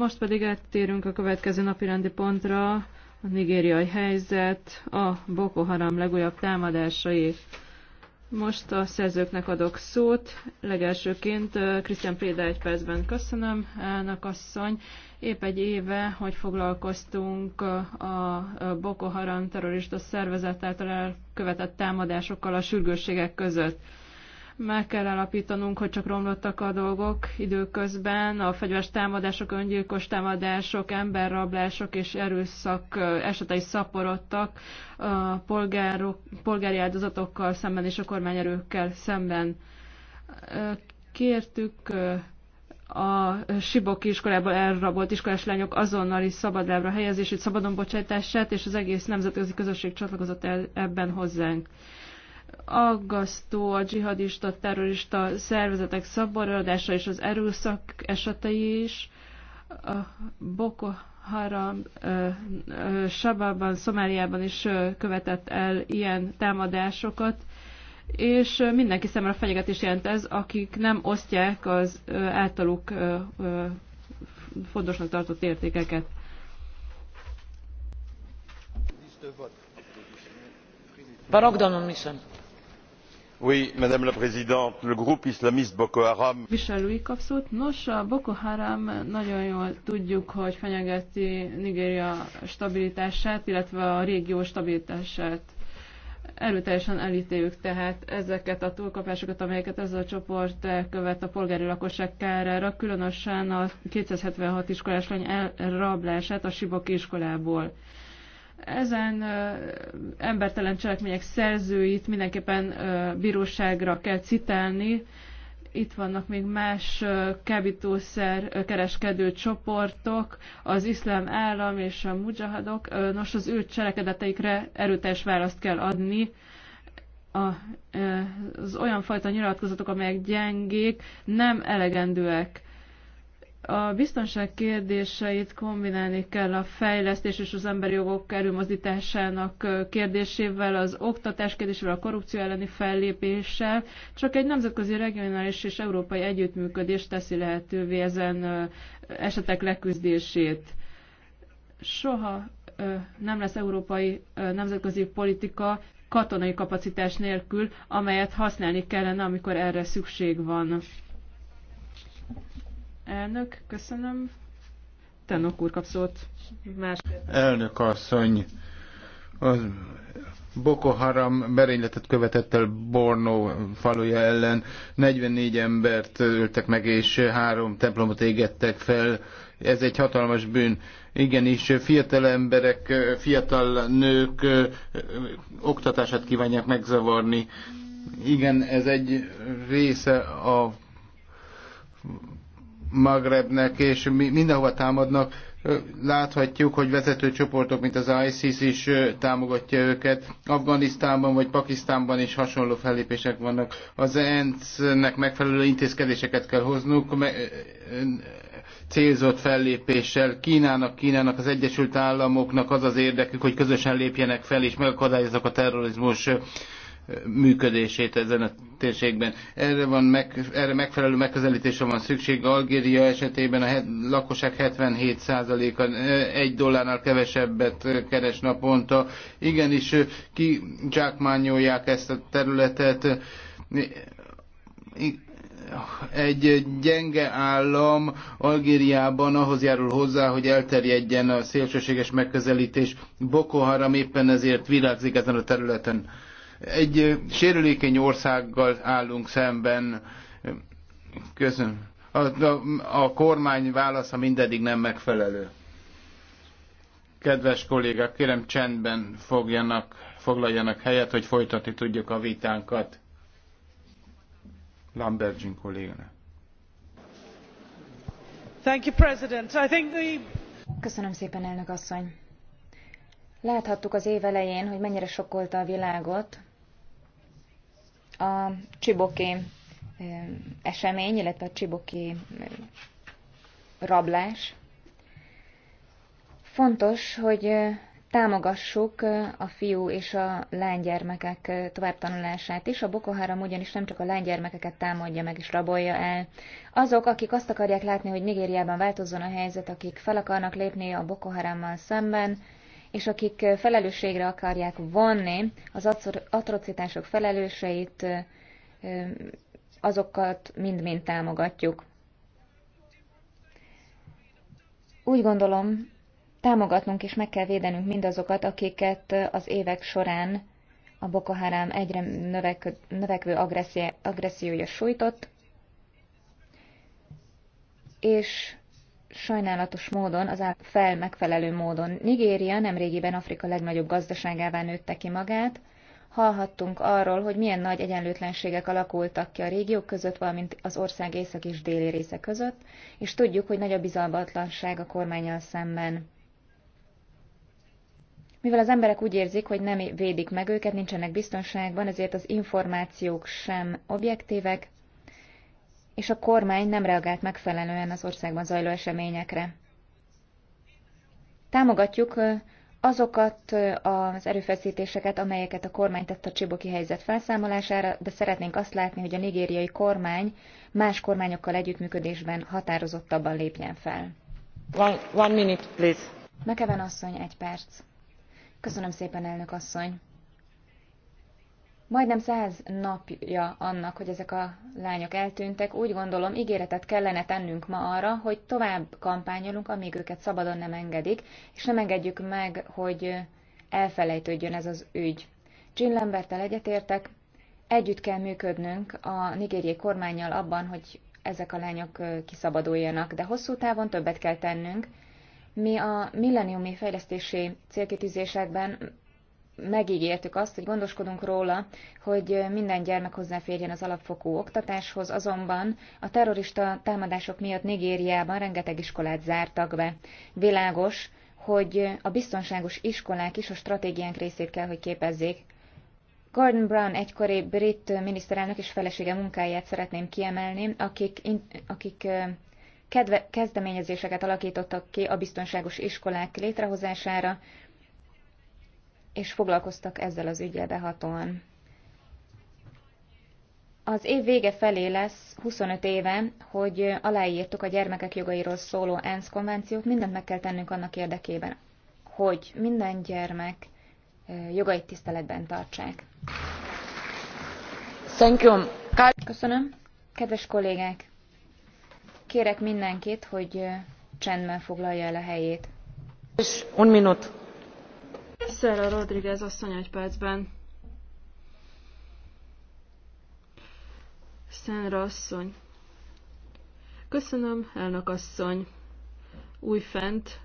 Most pedig áttérünk a következő napi rendi pontra, a nigériai helyzet, a Boko Haram legújabb támadásai. Most a szerzőknek adok szót. Legelsőként Krisztián Préda egy percben köszönöm, elnök asszony. Épp egy éve, hogy foglalkoztunk a Boko Haram terrorista szervezet által elkövetett támadásokkal a sürgősségek között. Meg kell alapítanunk, hogy csak romlottak a dolgok időközben, a fegyveres támadások, öngyilkos támadások, emberrablások és erőszak eh, esetei szaporodtak a polgárok, polgári áldozatokkal szemben és a kormányerőkkel szemben. Eh, kértük eh, a Siboki iskolából elrabolt iskolás lányok azonnali szabadlábra helyezését, szabadon bocsátását, és az egész nemzetközi közösség csatlakozott el ebben hozzánk aggasztó a dzsihadista, terrorista szervezetek szabadolása és az erőszak esetei is. A Boko Haram Sababban, Szomáliában is követett el ilyen támadásokat, és mindenki számára fenyegetés jelent ez, akik nem osztják az általuk fontosnak tartott értékeket. Barogdanon viszont madame la présidente le groupe islamiste boko haram. nos a boko haram nagyon jól tudjuk hogy fenyegeti nigéria stabilitását illetve a régió stabilitását. Erőteljesen elítéljük tehát ezeket a túlkapásokat, amelyeket ez a csoport követ a polgári lakosság kárára, különösen a 276 iskolás lány elrablását a Siboki iskolából. Ezen embertelen cselekmények szerzőit mindenképpen bíróságra kell citálni. Itt vannak még más kábítószer kereskedő csoportok, az iszlám állam és a mujahadok. Nos, az ő cselekedeteikre erőteljes választ kell adni a, az olyan fajta nyilatkozatok, amelyek gyengék, nem elegendőek. A biztonság kérdéseit kombinálni kell a fejlesztés és az emberi jogok előmozdításának kérdésével, az oktatás kérdésével, a korrupció elleni fellépéssel. Csak egy nemzetközi, regionális és európai együttműködés teszi lehetővé ezen esetek leküzdését. Soha nem lesz európai nemzetközi politika katonai kapacitás nélkül, amelyet használni kellene, amikor erre szükség van. Elnök, köszönöm. Tenok úr kap szót. Más... Elnök asszony, az Boko Haram merényletet követett el Borno faluja ellen. 44 embert öltek meg, és három templomot égettek fel. Ez egy hatalmas bűn. Igenis, fiatal emberek, fiatal nők oktatását kívánják megzavarni. Igen, ez egy része a Magrebnek, és mindenhova támadnak. Láthatjuk, hogy vezető csoportok, mint az ISIS is támogatja őket. Afganisztánban vagy Pakisztánban is hasonló fellépések vannak. Az ENSZ-nek megfelelő intézkedéseket kell hoznunk, célzott fellépéssel. Kínának, Kínának, az Egyesült Államoknak az az érdekük, hogy közösen lépjenek fel és megakadályozzak a terrorizmus működését ezen a térségben. Erre, van meg, erre megfelelő megközelítésre van szükség. Algéria esetében a het, lakosság 77%-a egy dollárnál kevesebbet keres naponta. Igenis kizsákmányolják ezt a területet. Egy gyenge állam Algériában ahhoz járul hozzá, hogy elterjedjen a szélsőséges megközelítés. Boko Haram éppen ezért virágzik ezen a területen. Egy sérülékeny országgal állunk szemben. Köszönöm. A, a, a kormány válasza mindedig nem megfelelő. Kedves kollégák, kérem csendben fogjanak, foglaljanak helyet, hogy folytatni tudjuk a vitánkat. Lambergin kolléganő. Thank you, President. I think the... Köszönöm szépen, elnök asszony. Láthattuk az év elején, hogy mennyire sokkolta a világot a csiboki esemény, illetve a csiboki rablás. Fontos, hogy támogassuk a fiú és a lánygyermekek továbbtanulását is. A Boko Haram ugyanis nem csak a lánygyermekeket támadja meg és rabolja el. Azok, akik azt akarják látni, hogy Nigériában változzon a helyzet, akik fel akarnak lépni a Boko Harammal szemben, és akik felelősségre akarják vonni az atrocitások felelőseit, azokat mind-mind támogatjuk. Úgy gondolom, támogatnunk és meg kell védenünk mindazokat, akiket az évek során a Boko Haram egyre növekvő, növekvő agressziója sújtott, és sajnálatos módon, az fel megfelelő módon. Nigéria nemrégiben Afrika legnagyobb gazdaságává nőtte ki magát, hallhattunk arról, hogy milyen nagy egyenlőtlenségek alakultak ki a régiók között, valamint az ország észak és déli része között, és tudjuk, hogy nagy a bizalmatlanság a kormányal szemben. Mivel az emberek úgy érzik, hogy nem védik meg őket, nincsenek biztonságban, ezért az információk sem objektívek, és a kormány nem reagált megfelelően az országban zajló eseményekre. Támogatjuk azokat az erőfeszítéseket, amelyeket a kormány tett a csiboki helyzet felszámolására, de szeretnénk azt látni, hogy a nigériai kormány más kormányokkal együttműködésben határozottabban lépjen fel. One, one minute, please. Mekeven asszony, egy perc. Köszönöm szépen, elnök asszony. Majdnem száz napja annak, hogy ezek a lányok eltűntek, úgy gondolom ígéretet kellene tennünk ma arra, hogy tovább kampányolunk, amíg őket szabadon nem engedik, és nem engedjük meg, hogy elfelejtődjön ez az ügy. Jean Lambertel egyetértek, együtt kell működnünk a nigériai kormányjal abban, hogy ezek a lányok kiszabaduljanak, de hosszú távon többet kell tennünk. Mi a milleniumi fejlesztési célkitűzésekben megígértük azt, hogy gondoskodunk róla, hogy minden gyermek hozzáférjen az alapfokú oktatáshoz, azonban a terrorista támadások miatt Nigériában rengeteg iskolát zártak be. Világos, hogy a biztonságos iskolák is a stratégiánk részét kell, hogy képezzék. Gordon Brown egykori brit miniszterelnök és felesége munkáját szeretném kiemelni, akik, akik kedve, kezdeményezéseket alakítottak ki a biztonságos iskolák létrehozására, és foglalkoztak ezzel az ügyel behatóan. Az év vége felé lesz 25 éve, hogy aláírtuk a gyermekek jogairól szóló ENSZ konvenciót, mindent meg kell tennünk annak érdekében, hogy minden gyermek jogait tiszteletben tartsák. Thank you. Köszönöm. Kedves kollégák, kérek mindenkit, hogy csendben foglalja el a helyét. És un minut a Rodriguez asszony egy percben. Szenra asszony. Köszönöm, elnök asszony. Újfent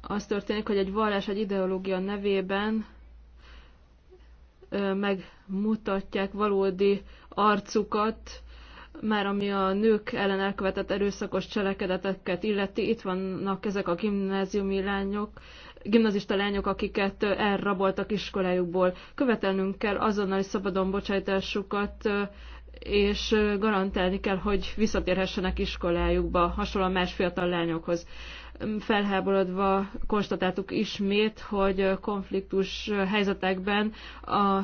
az történik, hogy egy vallás, egy ideológia nevében megmutatják valódi arcukat, már ami a nők ellen elkövetett erőszakos cselekedeteket illeti, itt vannak ezek a gimnáziumi lányok, gimnazista lányok, akiket elraboltak iskolájukból. Követelnünk kell azonnali szabadon bocsájtásukat, és garantálni kell, hogy visszatérhessenek iskolájukba, hasonlóan más fiatal lányokhoz. Felháborodva konstatáltuk ismét, hogy konfliktus helyzetekben a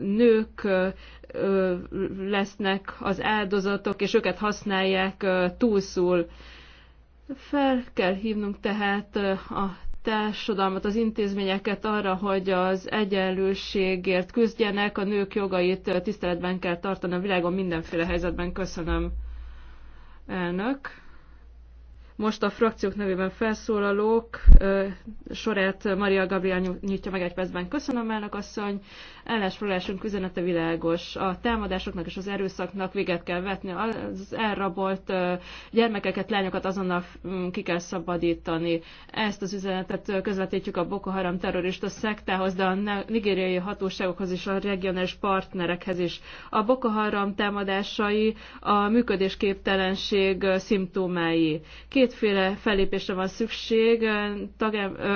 nők lesznek az áldozatok, és őket használják túlszul. Fel kell hívnunk tehát a társadalmat, az intézményeket arra, hogy az egyenlőségért küzdjenek, a nők jogait tiszteletben kell tartani a világon mindenféle helyzetben. Köszönöm, elnök. Most a frakciók nevében felszólalók sorát Maria Gabriel nyitja meg egy percben. Köszönöm, elnök asszony. Ellensfoglalásunk üzenete világos. A támadásoknak és az erőszaknak véget kell vetni. Az elrabolt gyermekeket, lányokat azonnal mm, ki kell szabadítani. Ezt az üzenetet közvetítjük a Boko Haram terrorista szektához, de a nigériai hatóságokhoz és a regionális partnerekhez is. A Boko Haram támadásai a működésképtelenség szimptomái. Két Kétféle fellépésre van szükség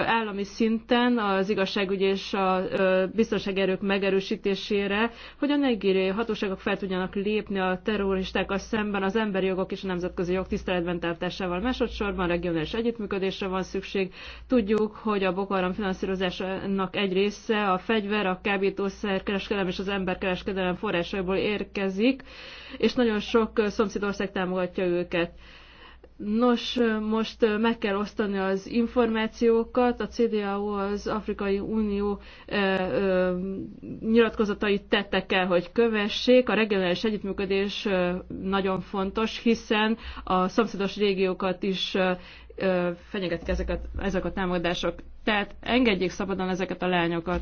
állami szinten az igazságügy és a biztonsági erők megerősítésére, hogy a nigériai hatóságok fel tudjanak lépni a terroristákkal szemben az emberi jogok és a nemzetközi jog tiszteletben tartásával. Másodszorban regionális együttműködésre van szükség. Tudjuk, hogy a Boko Haram finanszírozásának egy része a fegyver, a kábítószer kereskedelem és az emberkereskedelem forrásaiból érkezik, és nagyon sok szomszédország támogatja őket. Nos, most meg kell osztani az információkat. A CDAO az Afrikai Unió ö, nyilatkozatait tettek el, hogy kövessék. A regionális együttműködés nagyon fontos, hiszen a szomszédos régiókat is ö, fenyegetik ezeket, ezek a támadások. Tehát engedjék szabadon ezeket a lányokat.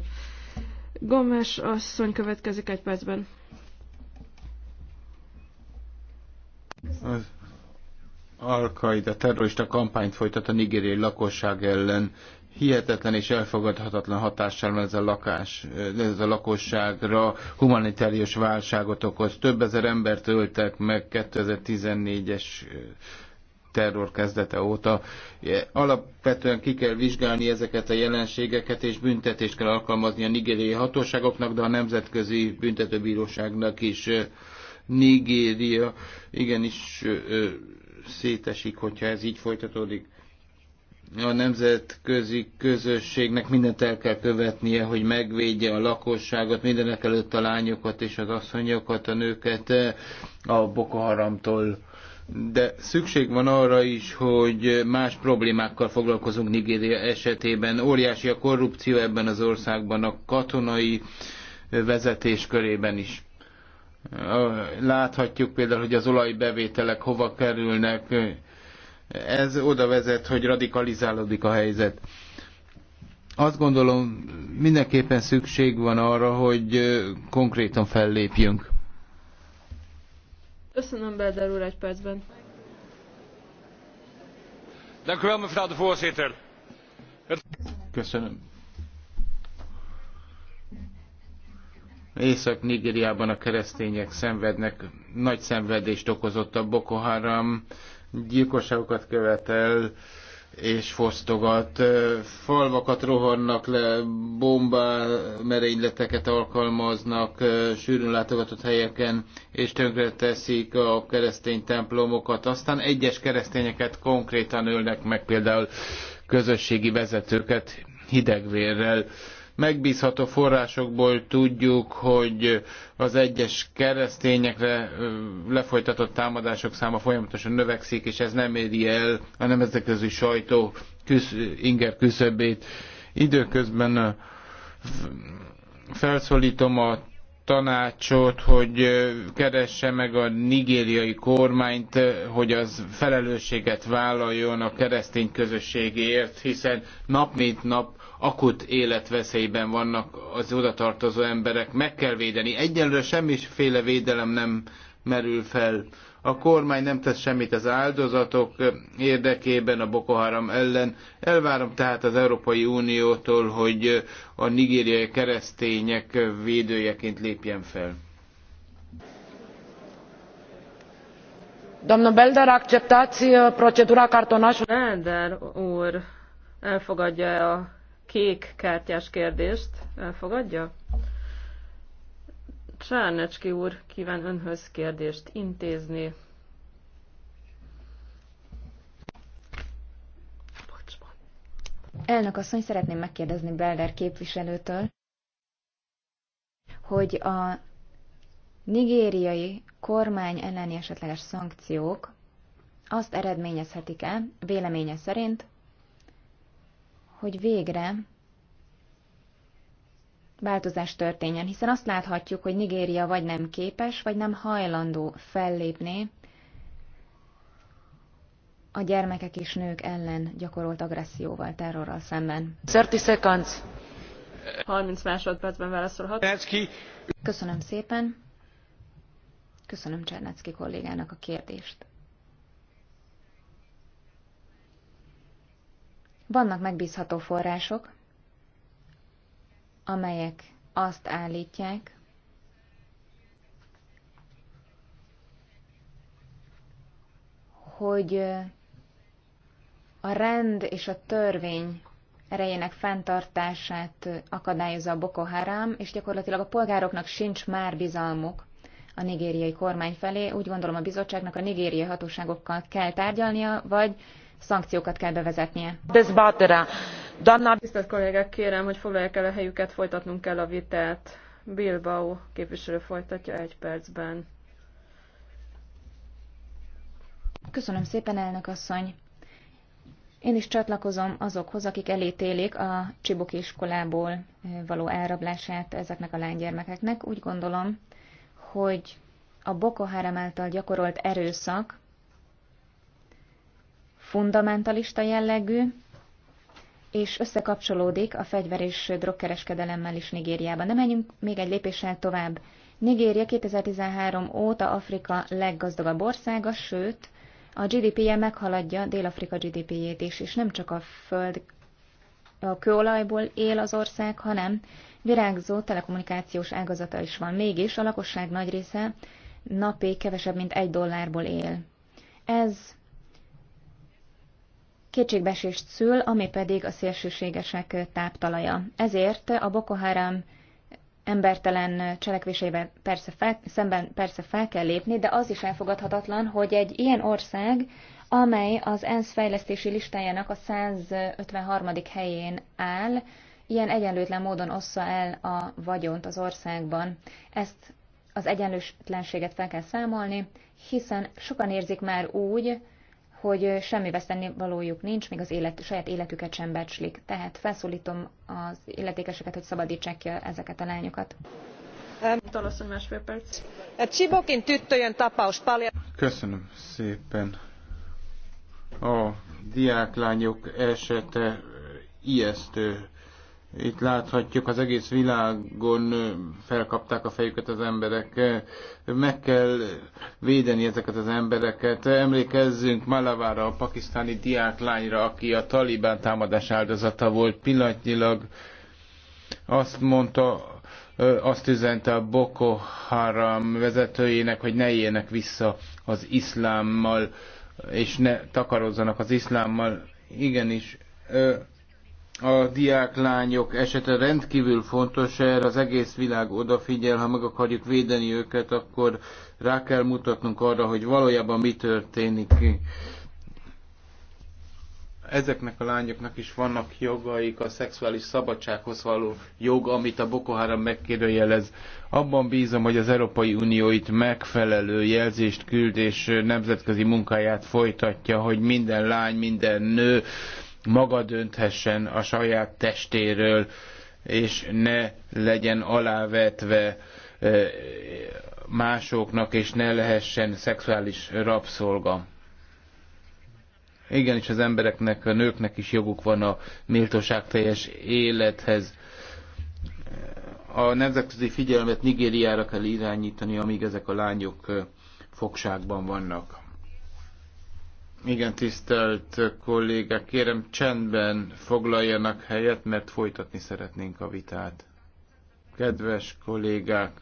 Gomes asszony következik egy percben. Köszönöm al qaeda terrorista kampányt folytat a nigériai lakosság ellen. Hihetetlen és elfogadhatatlan hatással ez a, lakás, ez a lakosságra humanitárius válságot okoz. Több ezer embert öltek meg 2014-es terror kezdete óta. Alapvetően ki kell vizsgálni ezeket a jelenségeket, és büntetést kell alkalmazni a nigériai hatóságoknak, de a Nemzetközi Büntetőbíróságnak is. Nigéria igenis szétesik, hogyha ez így folytatódik. A nemzetközi közösségnek mindent el kell követnie, hogy megvédje a lakosságot, mindenek előtt a lányokat és az asszonyokat, a nőket a Boko Haramtól. De szükség van arra is, hogy más problémákkal foglalkozunk Nigéria esetében. Óriási a korrupció ebben az országban, a katonai vezetés körében is Láthatjuk például, hogy az olajbevételek hova kerülnek. Ez oda vezet, hogy radikalizálódik a helyzet. Azt gondolom, mindenképpen szükség van arra, hogy konkrétan fellépjünk. Köszönöm, Belder úr, egy percben. Köszönöm. Észak-Nigériában a keresztények szenvednek, nagy szenvedést okozott a Boko Haram, gyilkosságokat követel, és fosztogat. Falvakat rohannak le, bomba merényleteket alkalmaznak sűrűn látogatott helyeken, és tönkre teszik a keresztény templomokat. Aztán egyes keresztényeket konkrétan ölnek meg, például közösségi vezetőket hidegvérrel megbízható forrásokból tudjuk, hogy az egyes keresztényekre lefolytatott támadások száma folyamatosan növekszik, és ez nem éri el a nemzetközi sajtó küsz, inger küszöbét. Időközben felszólítom a tanácsot, hogy keresse meg a nigériai kormányt, hogy az felelősséget vállaljon a keresztény közösségért, hiszen nap mint nap akut életveszélyben vannak az tartozó emberek, meg kell védeni. Egyelőre semmiféle védelem nem merül fel. A kormány nem tesz semmit az áldozatok érdekében a Boko Haram ellen. Elvárom tehát az Európai Uniótól, hogy a nigériai keresztények védőjeként lépjen fel. Domnul Belder, acceptați eh, procedura cartonașului? Belder úr, elfogadja a kék kártyás kérdést elfogadja? Csárnecski úr kíván önhöz kérdést intézni. Elnök asszony, szeretném megkérdezni Belder képviselőtől, hogy a nigériai kormány elleni esetleges szankciók azt eredményezhetik-e, véleménye szerint, hogy végre változás történjen, hiszen azt láthatjuk, hogy Nigéria vagy nem képes, vagy nem hajlandó fellépni a gyermekek és nők ellen gyakorolt agresszióval, terrorral szemben. 30 seconds. 30 másodpercben válaszolhat. Köszönöm szépen. Köszönöm Csernecki kollégának a kérdést. Vannak megbízható források, amelyek azt állítják, hogy a rend és a törvény erejének fenntartását akadályozza a Boko Haram, és gyakorlatilag a polgároknak sincs már bizalmuk a nigériai kormány felé. Úgy gondolom a bizottságnak a nigériai hatóságokkal kell tárgyalnia, vagy szankciókat kell bevezetnie. Tisztelt kollégák, kérem, hogy foglalják el a helyüket, folytatnunk kell a vitát. Bilbao képviselő folytatja egy percben. Köszönöm szépen, elnök asszony. Én is csatlakozom azokhoz, akik elítélik a Csibuki iskolából való elrablását ezeknek a lánygyermekeknek. Úgy gondolom, hogy a Boko Haram által gyakorolt erőszak fundamentalista jellegű, és összekapcsolódik a fegyver és drogkereskedelemmel is Nigériában. De menjünk még egy lépéssel tovább. Nigéria 2013 óta Afrika leggazdagabb országa, sőt, a GDP-je meghaladja Dél-Afrika GDP-jét is, és nem csak a föld a kőolajból él az ország, hanem virágzó telekommunikációs ágazata is van. Mégis a lakosság nagy része napi kevesebb, mint egy dollárból él. Ez kétségbeesést szül, ami pedig a szélsőségesek táptalaja. Ezért a Boko Haram embertelen cselekvésével persze fel, szemben persze fel kell lépni, de az is elfogadhatatlan, hogy egy ilyen ország, amely az ENSZ fejlesztési listájának a 153. helyén áll, ilyen egyenlőtlen módon ossza el a vagyont az országban. Ezt az egyenlőtlenséget fel kell számolni, hiszen sokan érzik már úgy, hogy semmi veszteni valójuk nincs, még az élet, saját életüket sem becslik. Tehát felszólítom az illetékeseket, hogy szabadítsák ki ezeket a lányokat. Talasszony másfél perc. Csibokin tüttöjön tapaus palja. Köszönöm szépen. A diáklányok esete ijesztő itt láthatjuk, az egész világon felkapták a fejüket az emberek. Meg kell védeni ezeket az embereket. Emlékezzünk Malavára, a pakisztáni diáklányra, aki a talibán támadás áldozata volt pillanatnyilag. Azt mondta, azt üzente a Boko Haram vezetőjének, hogy ne éljenek vissza az iszlámmal, és ne takarozzanak az iszlámmal. Igenis, a diáklányok esete rendkívül fontos, erre az egész világ odafigyel, ha meg akarjuk védeni őket, akkor rá kell mutatnunk arra, hogy valójában mi történik. Ezeknek a lányoknak is vannak jogaik a szexuális szabadsághoz való jog, amit a Boko Haram megkérdőjelez. Abban bízom, hogy az Európai Unió itt megfelelő jelzést küld és nemzetközi munkáját folytatja, hogy minden lány, minden nő maga dönthessen a saját testéről, és ne legyen alávetve e, másoknak, és ne lehessen szexuális rabszolga. Igenis az embereknek, a nőknek is joguk van a méltóság teljes élethez. A nemzetközi figyelmet Nigériára kell irányítani, amíg ezek a lányok e, fogságban vannak. Igen, tisztelt kollégák, kérem csendben foglaljanak helyet, mert folytatni szeretnénk a vitát. Kedves kollégák!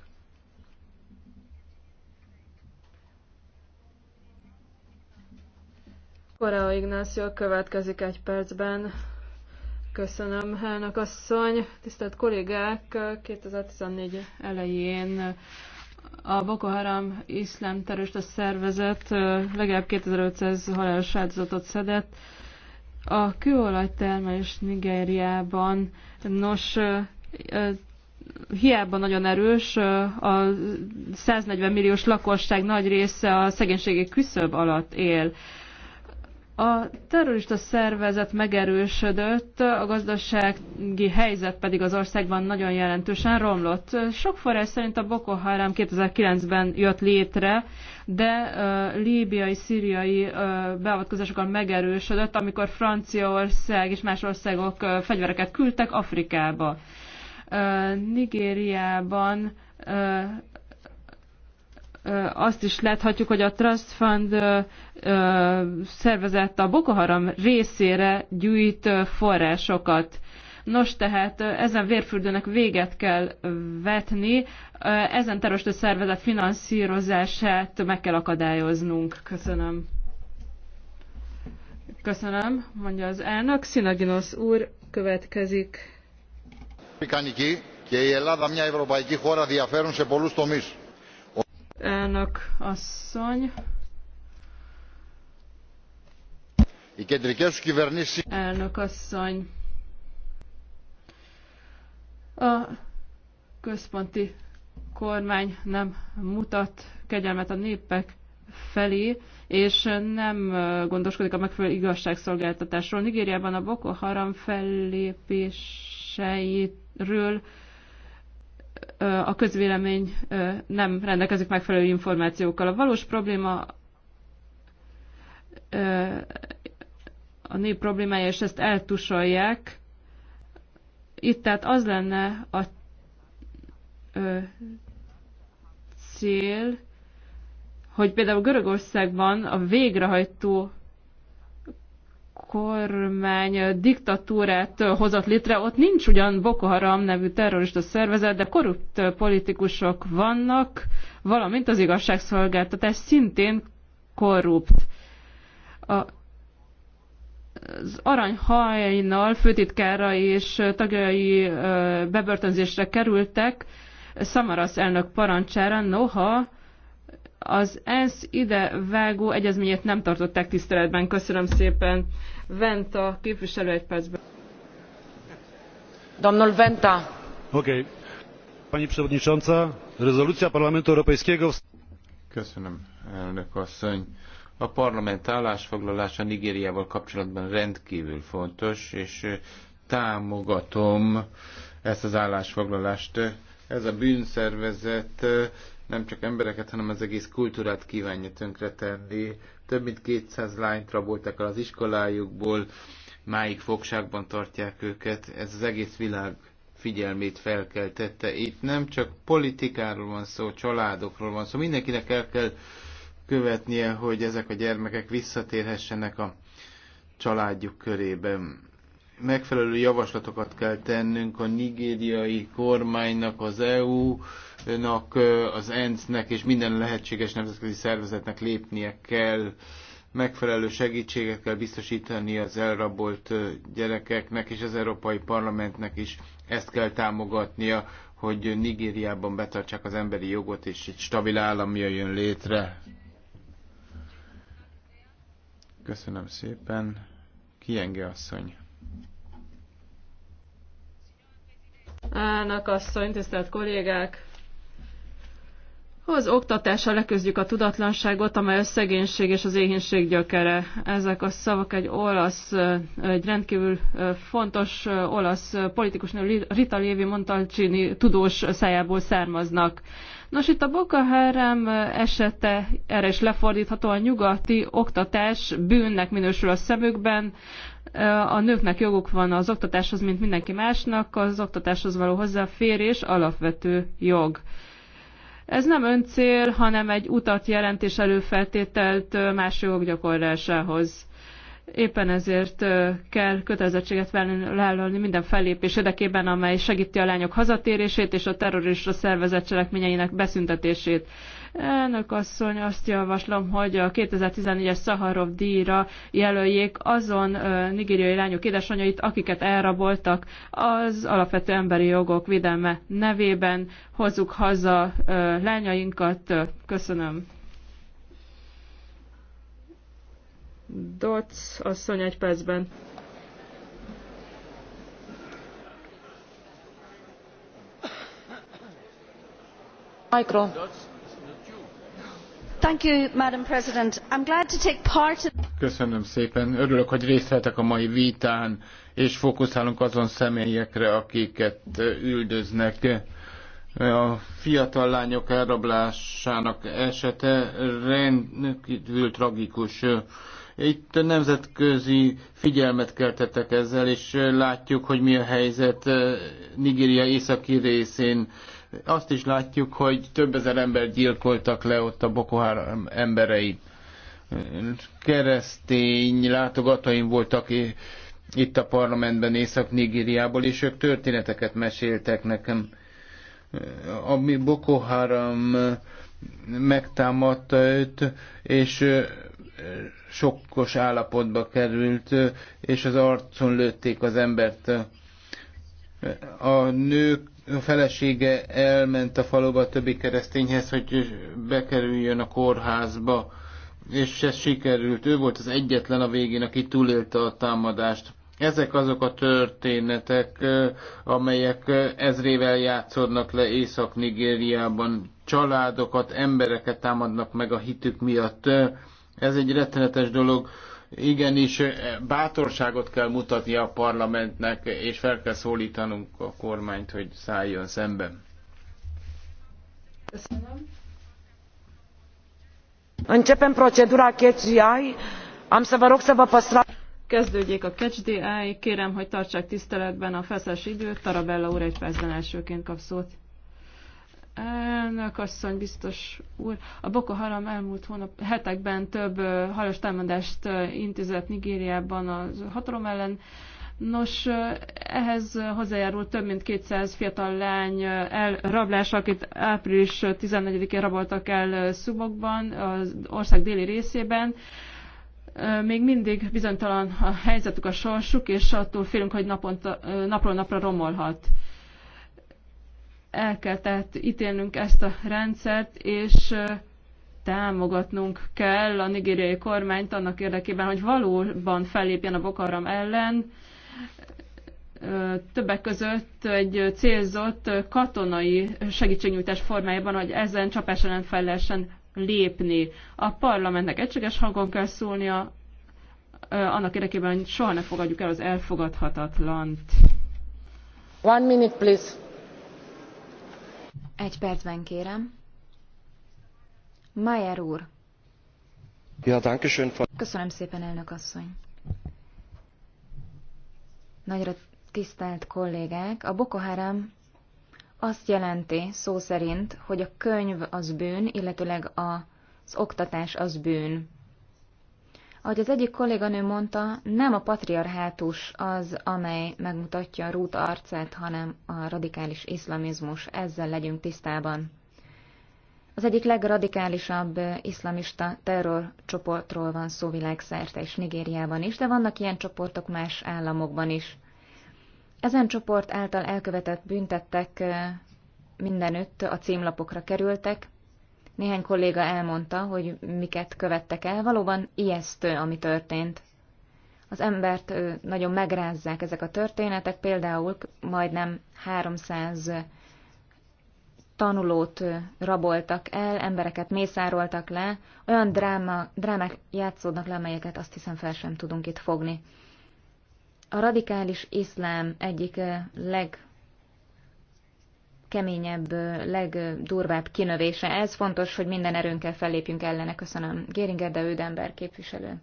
Kora Ignácio következik egy percben. Köszönöm, elnök asszony. Tisztelt kollégák, 2014 elején a Boko Haram iszlám terrorista szervezet legalább 2500 halálos áldozatot szedett. A kőolajtermelés Nigériában, nos, hiába nagyon erős, a 140 milliós lakosság nagy része a szegénységi küszöb alatt él. A terrorista szervezet megerősödött, a gazdasági helyzet pedig az országban nagyon jelentősen romlott. Sok forrás szerint a Boko Haram 2009-ben jött létre, de uh, líbiai, szíriai uh, beavatkozásokkal megerősödött, amikor Franciaország és más országok uh, fegyvereket küldtek Afrikába. Uh, Nigériában uh, azt is láthatjuk, hogy a Trust Fund szervezett a Boko Haram részére gyűjt forrásokat. Nos, tehát ezen vérfürdőnek véget kell vetni, ezen terrorista szervezet finanszírozását meg kell akadályoznunk. Köszönöm. Köszönöm, mondja az elnök. Szinaginos úr következik. Η Ελλάδα μια ευρωπαϊκή χώρα διαφέρουν σε πολλούς τομείς elnök asszony. Elnök asszony. A központi kormány nem mutat kegyelmet a népek felé, és nem gondoskodik a megfelelő igazságszolgáltatásról. Nigériában a Boko Haram fellépéseiről a közvélemény nem rendelkezik megfelelő információkkal. A valós probléma a nép problémája, és ezt eltusolják. Itt tehát az lenne a cél, hogy például Görögországban a végrehajtó kormány diktatúrát hozott létre, ott nincs ugyan Boko Haram nevű terrorista szervezet, de korrupt politikusok vannak, valamint az igazságszolgáltatás szintén korrupt. A, az aranyhajnal főtitkára és tagjai bebörtönzésre kerültek, Samaras elnök parancsára, noha az ENSZ ide vágó egyezményét nem tartották tiszteletben. Köszönöm szépen. Venta, képviselő egy percben. Domnul Venta. Oké. Okay. Pani Przewodnicząca, rezolúcia Parlamentu Europejskiego... Köszönöm, elnök asszony. A parlament állásfoglalása Nigériával kapcsolatban rendkívül fontos, és támogatom ezt az állásfoglalást. Ez a bűnszervezet nem csak embereket, hanem az egész kultúrát kívánja tönkretenni. Több mint 200 lányt raboltak el az iskolájukból, máig fogságban tartják őket. Ez az egész világ figyelmét felkeltette. Itt nem csak politikáról van szó, családokról van szó. Mindenkinek el kell követnie, hogy ezek a gyermekek visszatérhessenek a családjuk körében megfelelő javaslatokat kell tennünk a nigériai kormánynak, az EU-nak, az ENSZ-nek és minden lehetséges nemzetközi szervezetnek lépnie kell. Megfelelő segítséget kell biztosítani az elrabolt gyerekeknek és az Európai Parlamentnek is. Ezt kell támogatnia, hogy Nigériában betartsák az emberi jogot, és egy stabil állam jöjjön létre. Köszönöm szépen. Kienge asszony. Elnök asszony, tisztelt kollégák! Az oktatással leküzdjük a tudatlanságot, amely a szegénység és az éhénység gyökere. Ezek a szavak egy olasz, egy rendkívül fontos olasz politikusnő Rita Lévi Montalcini tudós szájából származnak. Nos, itt a Boko Haram esete erre is lefordítható, a nyugati oktatás bűnnek minősül a szemükben, a nőknek joguk van az oktatáshoz, mint mindenki másnak, az oktatáshoz való hozzáférés alapvető jog. Ez nem öncél, hanem egy utat jelentés előfeltételt más jogok gyakorlásához. Éppen ezért kell kötelezettséget vállalni minden fellépés érdekében, amely segíti a lányok hazatérését és a terrorista szervezet cselekményeinek beszüntetését. Elnök asszony, azt javaslom, hogy a 2014-es Szaharov díjra jelöljék azon nigériai lányok édesanyjait, akiket elraboltak az alapvető emberi jogok védelme nevében. Hozzuk haza lányainkat. Köszönöm. Doc asszony egy percben. Micro. Köszönöm szépen. Örülök, hogy részt vettek a mai vitán, és fókuszálunk azon személyekre, akiket eh, üldöznek. A fiatal lányok elrablásának esete rendkívül tragikus. Itt nemzetközi figyelmet keltettek ezzel, és eh, látjuk, hogy mi a helyzet eh, Nigéria északi részén azt is látjuk, hogy több ezer ember gyilkoltak le ott a Boko Haram emberei. Keresztény látogataim voltak itt a parlamentben Észak-Nigériából, és ők történeteket meséltek nekem. Ami Boko Haram megtámadta őt, és sokkos állapotba került, és az arcon lőtték az embert. A nők a felesége elment a faluba a többi keresztényhez, hogy bekerüljön a kórházba, és ez sikerült. Ő volt az egyetlen a végén, aki túlélte a támadást. Ezek azok a történetek, amelyek ezrével játszódnak le Észak-Nigériában. Családokat, embereket támadnak meg a hitük miatt. Ez egy rettenetes dolog igenis bátorságot kell mutatni a parlamentnek, és fel kell szólítanunk a kormányt, hogy szálljon szembe. Köszönöm. Începem procedura catch Am să vă rog să vă Kezdődjék a catch the eye. Kérem, hogy tartsák tiszteletben a feszes időt. Tarabella úr egy percben elsőként kap szót. Elnök asszony, biztos úr, a Boko Haram elmúlt hónap, hetekben több halos támadást intézett Nigériában a hatalom ellen. Nos, ehhez hozzájárul több mint 200 fiatal lány elrablása, akit április 14-én raboltak el Szubokban, az ország déli részében még mindig bizonytalan a helyzetük, a sorsuk, és attól félünk, hogy naponta, napról napra romolhat. El kell tehát ítélnünk ezt a rendszert, és támogatnunk kell a nigériai kormányt annak érdekében, hogy valóban fellépjen a Bokaram ellen, többek között egy célzott katonai segítségnyújtás formájában, hogy ezen csapás ellen fel lehessen lépni. A parlamentnek egységes hangon kell szólnia, annak érdekében, hogy soha ne fogadjuk el az elfogadhatatlant. One minute, please. Egy percben kérem. Mayer úr. Ja, dankeschön. Köszönöm szépen, elnök asszony. Nagyra tisztelt kollégák, a Boko Haram azt jelenti szó szerint, hogy a könyv az bűn, illetőleg az oktatás az bűn. Ahogy az egyik kolléganő mondta, nem a patriarhátus az, amely megmutatja a rút arcát, hanem a radikális iszlamizmus. Ezzel legyünk tisztában. Az egyik legradikálisabb iszlamista terrorcsoportról van szó világszerte és Nigériában is, de vannak ilyen csoportok más államokban is. Ezen csoport által elkövetett büntettek mindenütt a címlapokra kerültek, néhány kolléga elmondta, hogy miket követtek el. Valóban ijesztő, ami történt. Az embert nagyon megrázzák ezek a történetek, például majdnem 300 tanulót raboltak el, embereket mészároltak le, olyan dráma, drámák játszódnak le, amelyeket azt hiszem fel sem tudunk itt fogni. A radikális iszlám egyik leg legkeményebb, legdurvább kinövése. Ez fontos, hogy minden erőnkkel fellépjünk ellene. Köszönöm. Géringer de Ödenberg képviselő.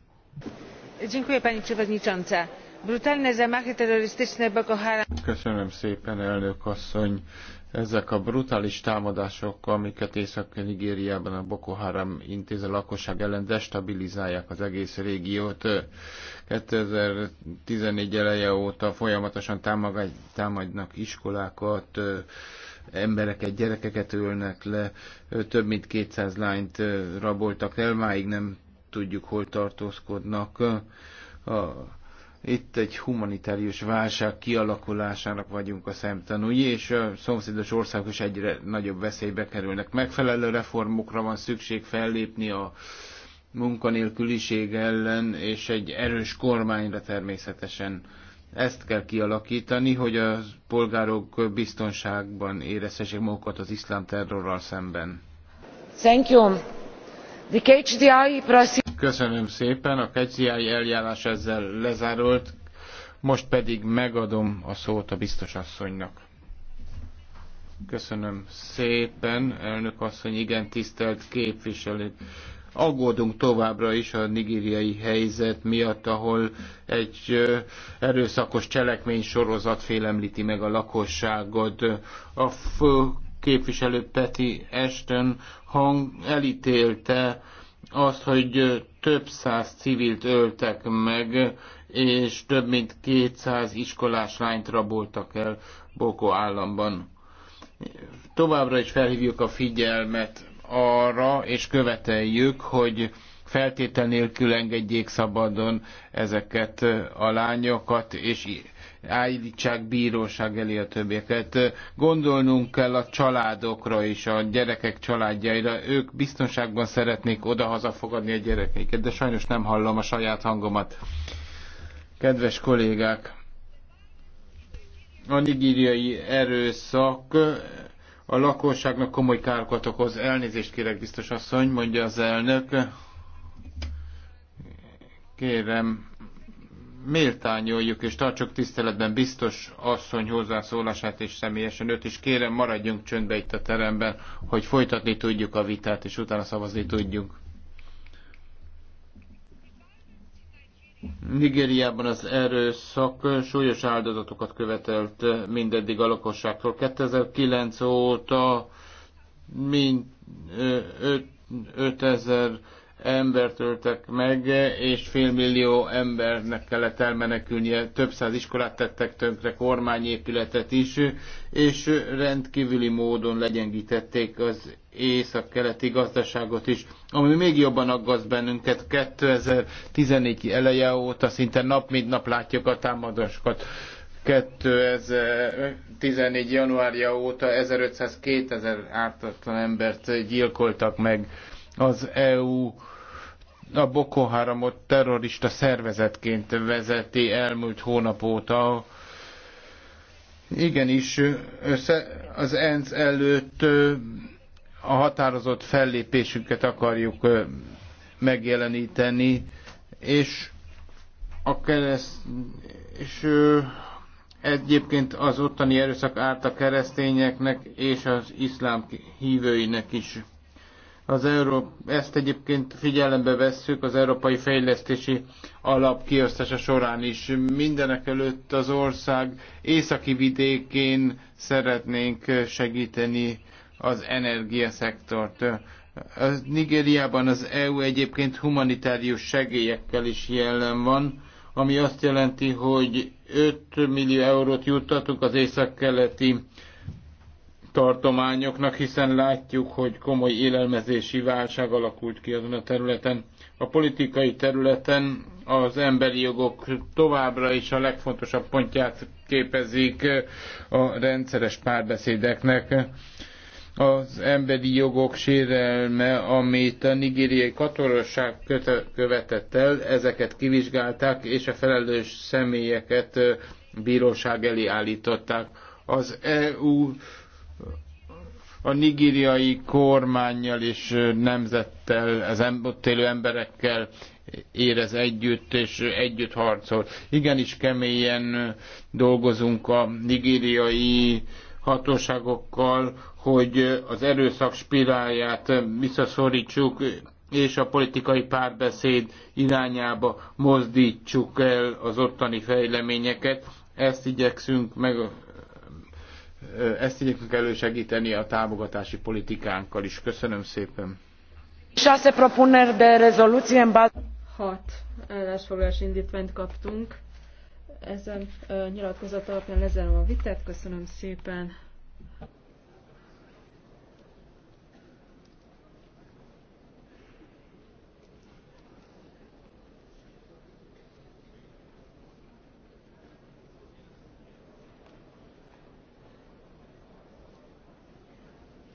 Dziękuję pani przewodnicząca. Brutalne zamachy terrorystyczne Boko Haram. Köszönöm szépen, elnök asszony. Ezek a brutális támadások, amiket Észak-Nigériában a Boko Haram intéz a lakosság ellen, destabilizálják az egész régiót. 2014 eleje óta folyamatosan támadnak iskolákat, embereket, gyerekeket ölnek le, több mint 200 lányt raboltak el, máig nem tudjuk, hol tartózkodnak. Itt egy humanitárius válság kialakulásának vagyunk a szemtanúi, és a szomszédos országok is egyre nagyobb veszélybe kerülnek. Megfelelő reformokra van szükség fellépni a munkanélküliség ellen, és egy erős kormányra természetesen ezt kell kialakítani, hogy a polgárok biztonságban érezhessék magukat az iszlám terrorral szemben. Thank you. The KCDI Köszönöm szépen, a KCDI eljárás ezzel lezárult, most pedig megadom a szót a biztos asszonynak. Köszönöm szépen, elnök asszony, igen, tisztelt képviselők. Aggódunk továbbra is a nigériai helyzet miatt, ahol egy erőszakos cselekmény sorozat félemlíti meg a lakosságot. A fő képviselő Peti Ashton hang elítélte azt, hogy több száz civilt öltek meg, és több mint 200 iskolás lányt raboltak el Boko államban. Továbbra is felhívjuk a figyelmet arra, és követeljük, hogy feltétel nélkül engedjék szabadon ezeket a lányokat, és állítsák bíróság elé a többieket. Gondolnunk kell a családokra is, a gyerekek családjaira. Ők biztonságban szeretnék oda fogadni a gyerekeiket, de sajnos nem hallom a saját hangomat. Kedves kollégák, a nigériai erőszak a lakosságnak komoly károkat okoz. Elnézést kérek, biztos asszony, mondja az elnök. Kérem, méltányoljuk és tartsuk tiszteletben biztos asszony hozzászólását és személyesen őt is. Kérem, maradjunk csöndbe itt a teremben, hogy folytatni tudjuk a vitát, és utána szavazni tudjunk. Nigériában az erőszak súlyos áldozatokat követelt mindeddig a lakosságtól. 2009 óta mint 5000 embert öltek meg, és félmillió embernek kellett elmenekülnie, több száz iskolát tettek tönkre, kormányépületet is, és rendkívüli módon legyengítették az észak-keleti gazdaságot is. Ami még jobban aggaszt bennünket, 2014 eleje óta szinte nap mint nap látjuk a támadásokat. 2014. januárja óta 1500-2000 ártatlan embert gyilkoltak meg az EU a Boko Haramot terrorista szervezetként vezeti elmúlt hónap óta. Igenis, az ENSZ előtt a határozott fellépésünket akarjuk megjeleníteni, és a kereszt, és egyébként az ottani erőszak árt a keresztényeknek és az iszlám hívőinek is. Az Euró... Ezt egyébként figyelembe vesszük az Európai Fejlesztési Alap kiosztása során is. Mindenek előtt az ország északi vidékén szeretnénk segíteni az energiaszektort. A Nigériában az EU egyébként humanitárius segélyekkel is jelen van, ami azt jelenti, hogy 5 millió eurót juttatunk az északkeleti keleti tartományoknak, hiszen látjuk, hogy komoly élelmezési válság alakult ki azon a területen. A politikai területen az emberi jogok továbbra is a legfontosabb pontját képezik a rendszeres párbeszédeknek. Az emberi jogok sérelme, amit a nigériai katolosság követett el, ezeket kivizsgálták, és a felelős személyeket bíróság elé állították. Az EU a nigériai kormányjal és nemzettel, az ott élő emberekkel érez együtt, és együtt harcol. Igenis keményen dolgozunk a nigériai hatóságokkal, hogy az erőszak spirálját visszaszorítsuk, és a politikai párbeszéd irányába mozdítsuk el az ottani fejleményeket. Ezt igyekszünk meg ezt igyekszünk elősegíteni a támogatási politikánkkal is. Köszönöm szépen. Hat állásfoglalás indítványt kaptunk. Ezen nyilatkozat alapján lezárom a vitát. Köszönöm szépen.